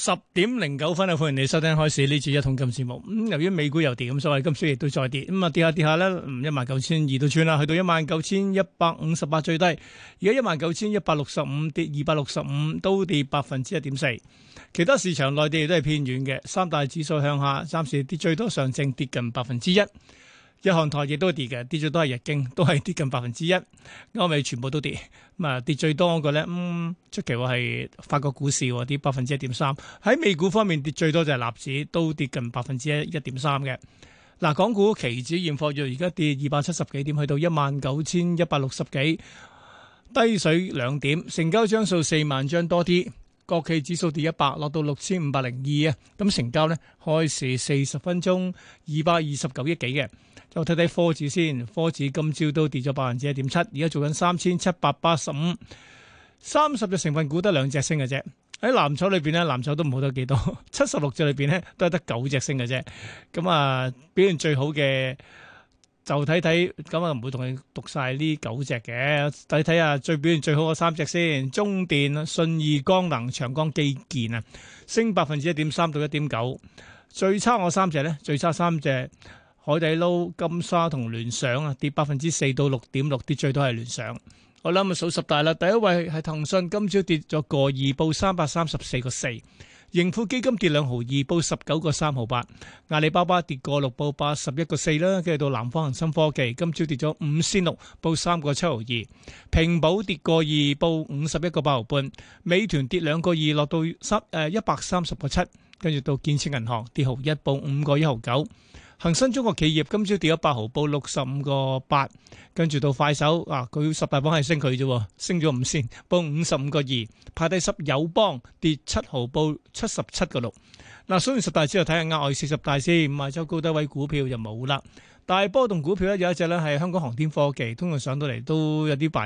十點零九分啊，歡迎你收聽開始呢次一桶金節目。咁、嗯、由於美股又跌，咁所以今朝亦都再跌。咁、嗯、啊跌下跌下咧，一萬九千二都穿啦，去到一萬九千一百五十八最低。而家一萬九千一百六十五跌二百六十五，都跌百分之一點四。其他市場內地都係偏軟嘅，三大指數向下，暫時跌最多上證跌近百分之一。一項台亦都跌嘅，跌咗都係日經，都係跌近百分之一，歐美全部都跌。咁啊、嗯，跌最多嗰個咧，出奇喎係法國股市喎，跌百分之一點三。喺美股方面跌最多就係納指，都跌近百分之一一點三嘅。嗱，港股期指現貨月而家跌二百七十幾點，去到一萬九千一百六十幾，低水兩點，成交張數四萬張多啲。國企指數跌一百，落到六千五百零二啊。咁成交咧，開市四十分鐘二百二十九億幾嘅。就睇睇科指先，科指今朝都跌咗百分之一點七，而家做緊三千七百八十五，三十隻成分股得兩隻升嘅啫。喺藍籌裏邊咧，藍籌都唔好得幾多，七十六隻裏邊咧，都係得九隻升嘅啫。咁啊，表現最好嘅就睇睇，咁啊唔會同你讀晒呢九隻嘅，睇睇啊最表現最好嘅三隻先，中電、信義光能、長江基建啊，升百分之一點三到一點九。最差嗰三隻咧，最差三隻。海底撈、金沙同聯想啊，跌百分之四到六點六，跌最多係聯想。我諗咪數十大啦，第一位係騰訊，今朝跌咗個二，報三百三十四個四。盈富基金跌兩毫二，報十九個三毫八。阿里巴巴跌個六，報八十一個四啦。跟住到南方恒生科技，今朝跌咗五仙六，報三個七毫二。平保跌個二，報五十一個八毫半。美團跌兩個二，落到三誒一百三十個七。跟住到建設銀行，跌毫一，報五個一毫九。恒生中國企業今朝跌咗八毫報，報六十五個八，跟住到快手啊，佢十大榜係升佢啫，升咗五仙報五十五個二。排第十友邦跌七毫報，報七十七個六。嗱、啊，數完十大之後睇下額外四十大先。亞咗高低位股票就冇啦，大波動股票咧有一隻咧係香港航天科技，通常上到嚟都有啲大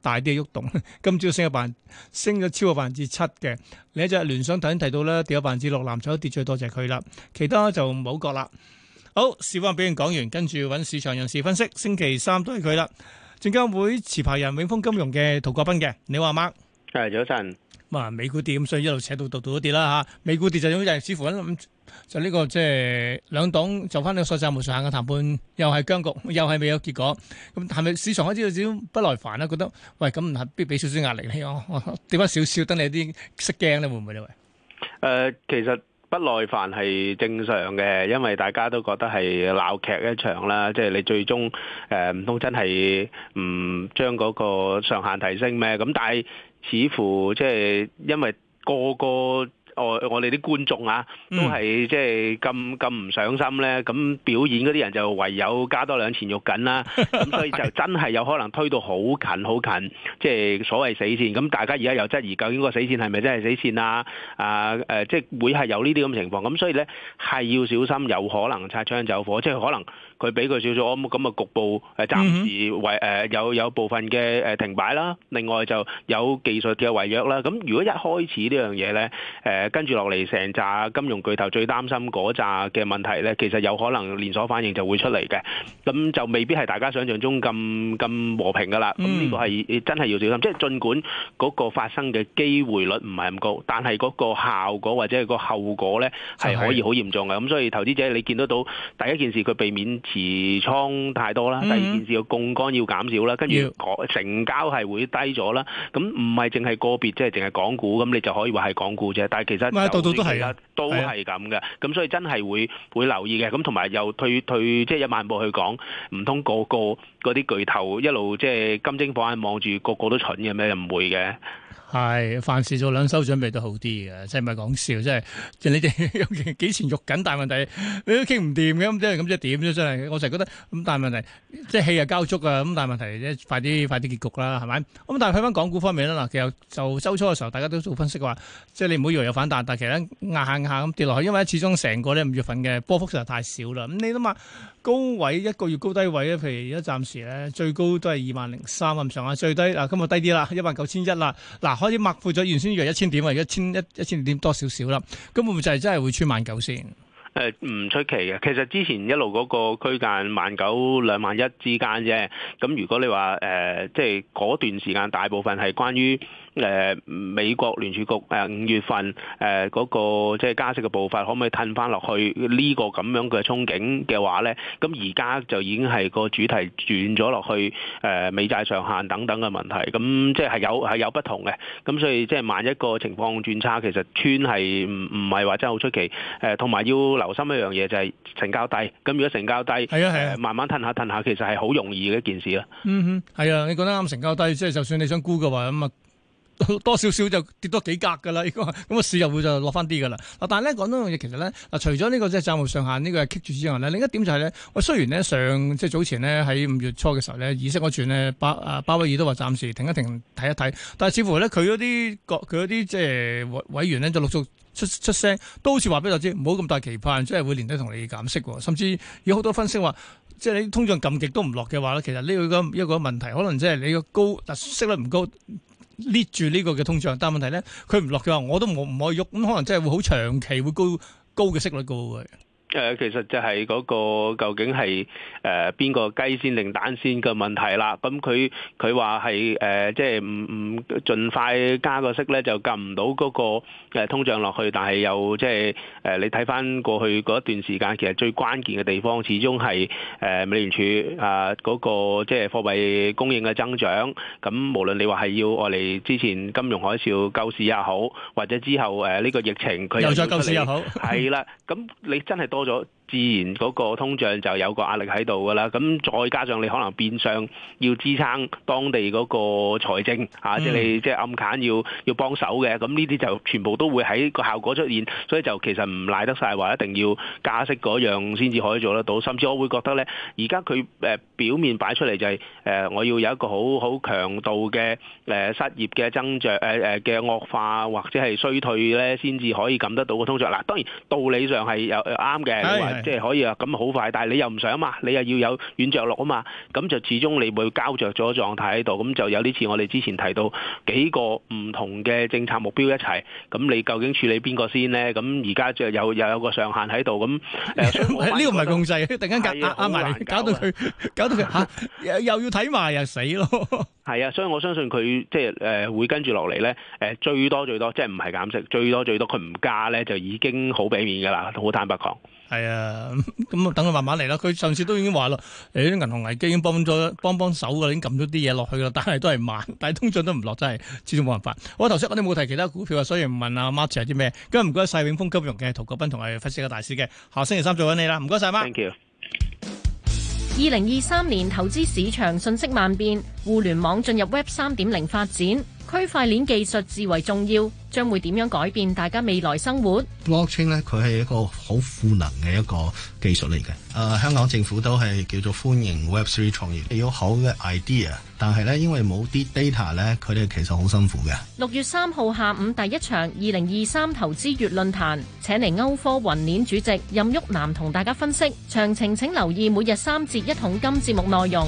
大啲嘅喐動，今朝升咗百升咗超過百分之七嘅。另一隻聯想，頭先提到咧跌咗百分之六，藍籌跌最多就係佢啦，其他就冇覺啦。好，市況表現講完，跟住揾市場人士分析。星期三都係佢啦，證監會持牌人永豐金融嘅涂國彬嘅，你好阿媽，係早晨上。啊，美股跌、就是，咁所以一路扯到度度都跌啦吓。美股跌就因為似乎咁，就呢、這個即係兩黨就翻呢個美債上限嘅談判，又係僵局，又係未有結果。咁係咪市場開始有少少不耐煩咧？覺得喂，咁唔係必俾少少壓力你哦，跌翻少少，等你啲識驚咧，會唔會咧？喂，誒、呃，其實。不耐煩係正常嘅，因為大家都覺得係鬧劇一場啦，即係你最終誒唔通真係唔將嗰個上限提升咩？咁但係似乎即係因為個個。我我哋啲觀眾啊，都係即係咁咁唔上心咧，咁表演嗰啲人就唯有加多兩錢肉緊啦，啊，咁所以就真係有可能推到好近好近，即係、就是、所謂死線。咁大家而家又質疑，究竟個死線係咪真係死線啊？啊即係、啊就是、會係有呢啲咁情況。咁所以咧係要小心，有可能擦槍走火，即、就、係、是、可能佢俾佢少少咁嘅局部誒暫時有有，有部分嘅停擺啦。另外就有技術嘅違約啦。咁如果一開始呢樣嘢咧跟住落嚟，成扎金融巨頭最擔心嗰扎嘅問題咧，其實有可能連鎖反應就會出嚟嘅，咁就未必係大家想象中咁咁和平噶啦。咁呢個係真係要小心。即係儘管嗰個發生嘅機會率唔係咁高，但係嗰個效果或者係個後果咧係可以好嚴重嘅。咁所以投資者你見得到第一件事，佢避免持倉太多啦；第二件事，個槓桿要減少啦，跟住成交係會低咗啦。咁唔係淨係個別，即係淨係港股，咁你就可以話係港股啫。但係其到度都係啊，都係咁嘅，咁所以真係會會留意嘅，咁同埋又退退即係一萬步去講，唔通個個嗰啲巨頭一路即係金睛火眼望住個個都蠢嘅咩？又唔會嘅。係，凡事做兩手準備都好啲嘅，真唔係講笑，真係。 即係你哋有幾錢肉緊，但係問題你都傾唔掂嘅，咁即係咁即係點啫？真係，我成日覺得咁，但係問題即係氣又交足嘅，咁但係問題即係快啲快啲結局啦，係咪？咁但係去翻港股方面咧，嗱，其實就周初嘅時候，大家都做分析話，即係你唔好以為有反彈，但係其實硬下硬下咁跌落去，因為始終成個咧五月份嘅波幅實在太少啦。咁你諗下高位一個月高低位咧，譬如而家暫時咧最高都係二萬零三咁上下，最低嗱今日低啲啦，一萬九千一啦，嗱。開始脈負咗，原先約一千點者，一千一千一千點多少少啦。咁會唔會就係真係會穿萬九先？呃、唔出奇嘅，其實之前一路嗰個區間萬九兩萬一之間啫。咁如果你話、呃、即係嗰段時間大部分係關於、呃、美國聯儲局、呃、五月份、呃、嗰個即係加息嘅步伐，可唔可以褪翻落去呢個咁樣嘅憧憬嘅話咧？咁而家就已經係個主題轉咗落去、呃、美債上限等等嘅問題，咁即係有係有不同嘅。咁所以即係萬一個情況轉差，其實穿係唔唔係話真係好出奇。呃、同埋要留核心一樣嘢就係成交低，咁如果成交低，係啊係啊、呃，慢慢褪下褪下，其實係好容易嘅一件事啦。嗯哼，係啊，你覺得啱，成交低，即係就算你想沽嘅話，咁啊多少少就跌多幾格嘅啦。如果咁啊，市入會就落翻啲嘅啦。嗱，但係咧，講多樣嘢，其實咧嗱，除咗呢個即係債務上限，呢、這個係棘住之外咧，另一點就係咧，我雖然咧上即係早前咧喺五月初嘅時候咧議息嗰轉咧巴啊鮑威爾都話暫時停一停睇一睇，但係似乎咧佢嗰啲佢嗰啲即係委委員咧就陸續。出出聲都好似話俾大家知，唔好咁大期盼，即係會連續同你減息喎。甚至有好多分析話，即係你通脹咁極都唔落嘅話咧，其實呢個一個問題，可能即係你個高息率唔高，捏住呢個嘅通脹，但係問題咧，佢唔落嘅話，我都唔可以喐，咁可能真係會好長期會高高嘅息率個喎。誒，其實就係嗰個究竟係誒邊個雞先定蛋先嘅問題啦。咁佢佢話係誒，即係唔唔盡快加個息咧，就撳唔到嗰個誒通脹落去。但係又即係誒，你睇翻過去嗰一段時間，其實最關鍵嘅地方始終係誒美聯儲啊嗰個即係貨幣供應嘅增長。咁無論你話係要我哋之前金融海嘯救市也好，或者之後誒呢個疫情佢又再救市又好，係啦。咁你真係到。多咗。自然嗰個通脹就有個壓力喺度㗎啦，咁再加上你可能變相要支撐當地嗰個財政嚇，即係、嗯啊就是、你即係暗揀要要幫手嘅，咁呢啲就全部都會喺個效果出現，所以就其實唔賴得晒話一定要加息嗰樣先至可以做得到。甚至我會覺得呢，而家佢表面擺出嚟就係、是呃、我要有一個好好強度嘅失業嘅增長嘅、呃、惡化或者係衰退呢，先至可以撳得到個通脹。嗱，當然道理上係有啱嘅。即係可以啊，咁好快，但係你又唔想嘛？你又要有軟着陸啊嘛？咁就始終你會膠着咗狀態喺度，咁就有啲似我哋之前提到幾個唔同嘅政策目標一齊，咁你究竟處理邊個先呢？咁而家就有又有個上限喺度，咁呢、呃、 個唔係共制，突然間埋搞到佢搞到佢 又，又要睇埋又死咯～係啊，所以我相信佢即係誒會跟住落嚟咧。誒最多最多，即係唔係減息，最多最多，佢唔加咧就已經好俾面㗎啦，好坦白講。係啊，咁、嗯、啊等佢慢慢嚟啦。佢上次都已經話咯，誒、哎、啲銀行危機已經幫咗幫幫手㗎，已經撳咗啲嘢落去㗎啦，但係都係慢，但係通脹都唔落，真係始終冇辦法。才我頭先我哋冇提其他股票啊，所以唔問阿、啊、Martin 有啲咩？今日唔該晒永豐金融嘅涂國彬同埋分斯嘅大師嘅，下星期三再揾你啦。唔該曬，Martin。Thank you. 二零二三年，投資市場瞬息萬變，互聯網進入 Web 三點零發展。區塊鏈技術至為重要，將會點樣改變大家未來生活？Blockchain 咧，佢係一個好賦能嘅一個技術嚟嘅。誒、呃，香港政府都係叫做歡迎 Web3 創業，有好嘅 idea，但係咧因為冇啲 data 咧，佢哋其實好辛苦嘅。六月三號下午第一場二零二三投資月論壇，請嚟歐科雲鏈主席任旭南同大家分析，詳情請留意每日三節一桶金節目內容。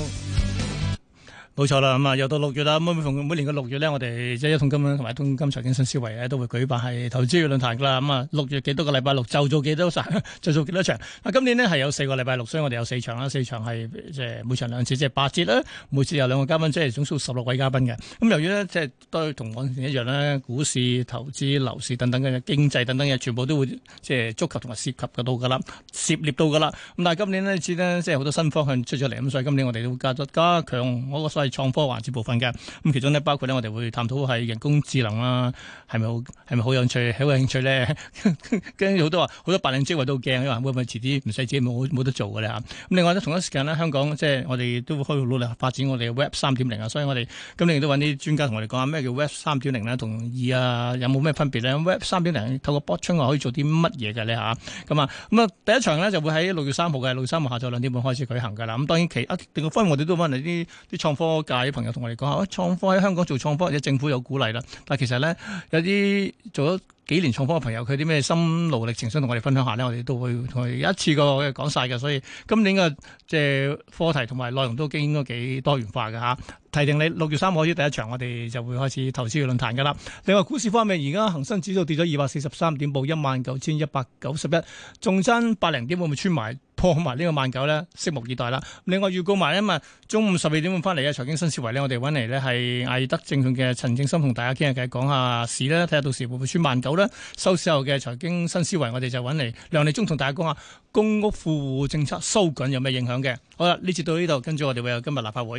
冇錯啦，咁啊又到六月啦，每逢每年嘅六月呢，我哋即係一桶金啦，同埋一桶金財經新思維呢，都會舉辦係投資嘅論壇噶啦，咁啊六月幾多個禮拜六，就做幾多場，就做幾多場。啊，今年呢係有四個禮拜六，所以我哋有四場啦，四場係即係每場兩次，即係八節啦，每次有兩個嘉賓，即係總數十六位嘉賓嘅。咁由於呢，即係都同往年一樣啦，股市、投資、樓市等等嘅經濟等等嘢，全部都會即係觸及同埋涉及到噶啦，涉獵到噶啦。咁但係今年呢，即係好多新方向出咗嚟，咁所以今年我哋都加加強我個。係創科環節部分嘅，咁其中呢，包括呢，我哋會探討係人工智能啦，係咪好係咪好有趣，好有冇興趣咧？跟住好多話，好多白領職位都驚，因為會唔會遲啲唔使自己冇冇得做嘅咧嚇？咁另外咧，同一時間呢，香港即係我哋都會開努力發展我哋嘅 Web 三點零啊，所以我哋今年都揾啲專家同我哋講下咩叫 Web 三點零咧，同二啊有冇咩分別咧？Web 三點零透過 blockchain 可以做啲乜嘢嘅咧嚇？咁啊，咁啊、嗯嗯，第一場呢，就會喺六月三號嘅六月三號下晝兩點半開始舉行㗎啦。咁、嗯、當然其一、啊、定嘅分，我哋都揾嚟啲啲創科。多界朋友同我哋講下，創科喺香港做創科或者政府有鼓勵啦。但係其實咧，有啲做咗幾年創科嘅朋友，佢啲咩心勞力情，想同我哋分享下咧，我哋都會同佢一次過講晒嘅。所以今年嘅即係課題同埋內容都經應該幾多元化㗎。吓。提定你六月三號開始第一場，我哋就會開始投資論壇噶啦。另外股市方面，而家恒生指數跌咗二百四十三點，報一萬九千一百九十一，重爭百零點會唔會穿埋。破埋呢個萬九咧，拭目以待啦！另外預告埋啊，中午十二點半翻嚟嘅財經新思維咧，我哋揾嚟呢係艾德證券嘅陳正森同大家傾下偈，講下市呢。睇下到時會唔會出萬九呢？收市後嘅財經新思維，我哋就揾嚟梁利忠同大家講下公屋富戶政策收緊有咩影響嘅。好啦，呢次到呢度，跟住我哋會有今日立法會。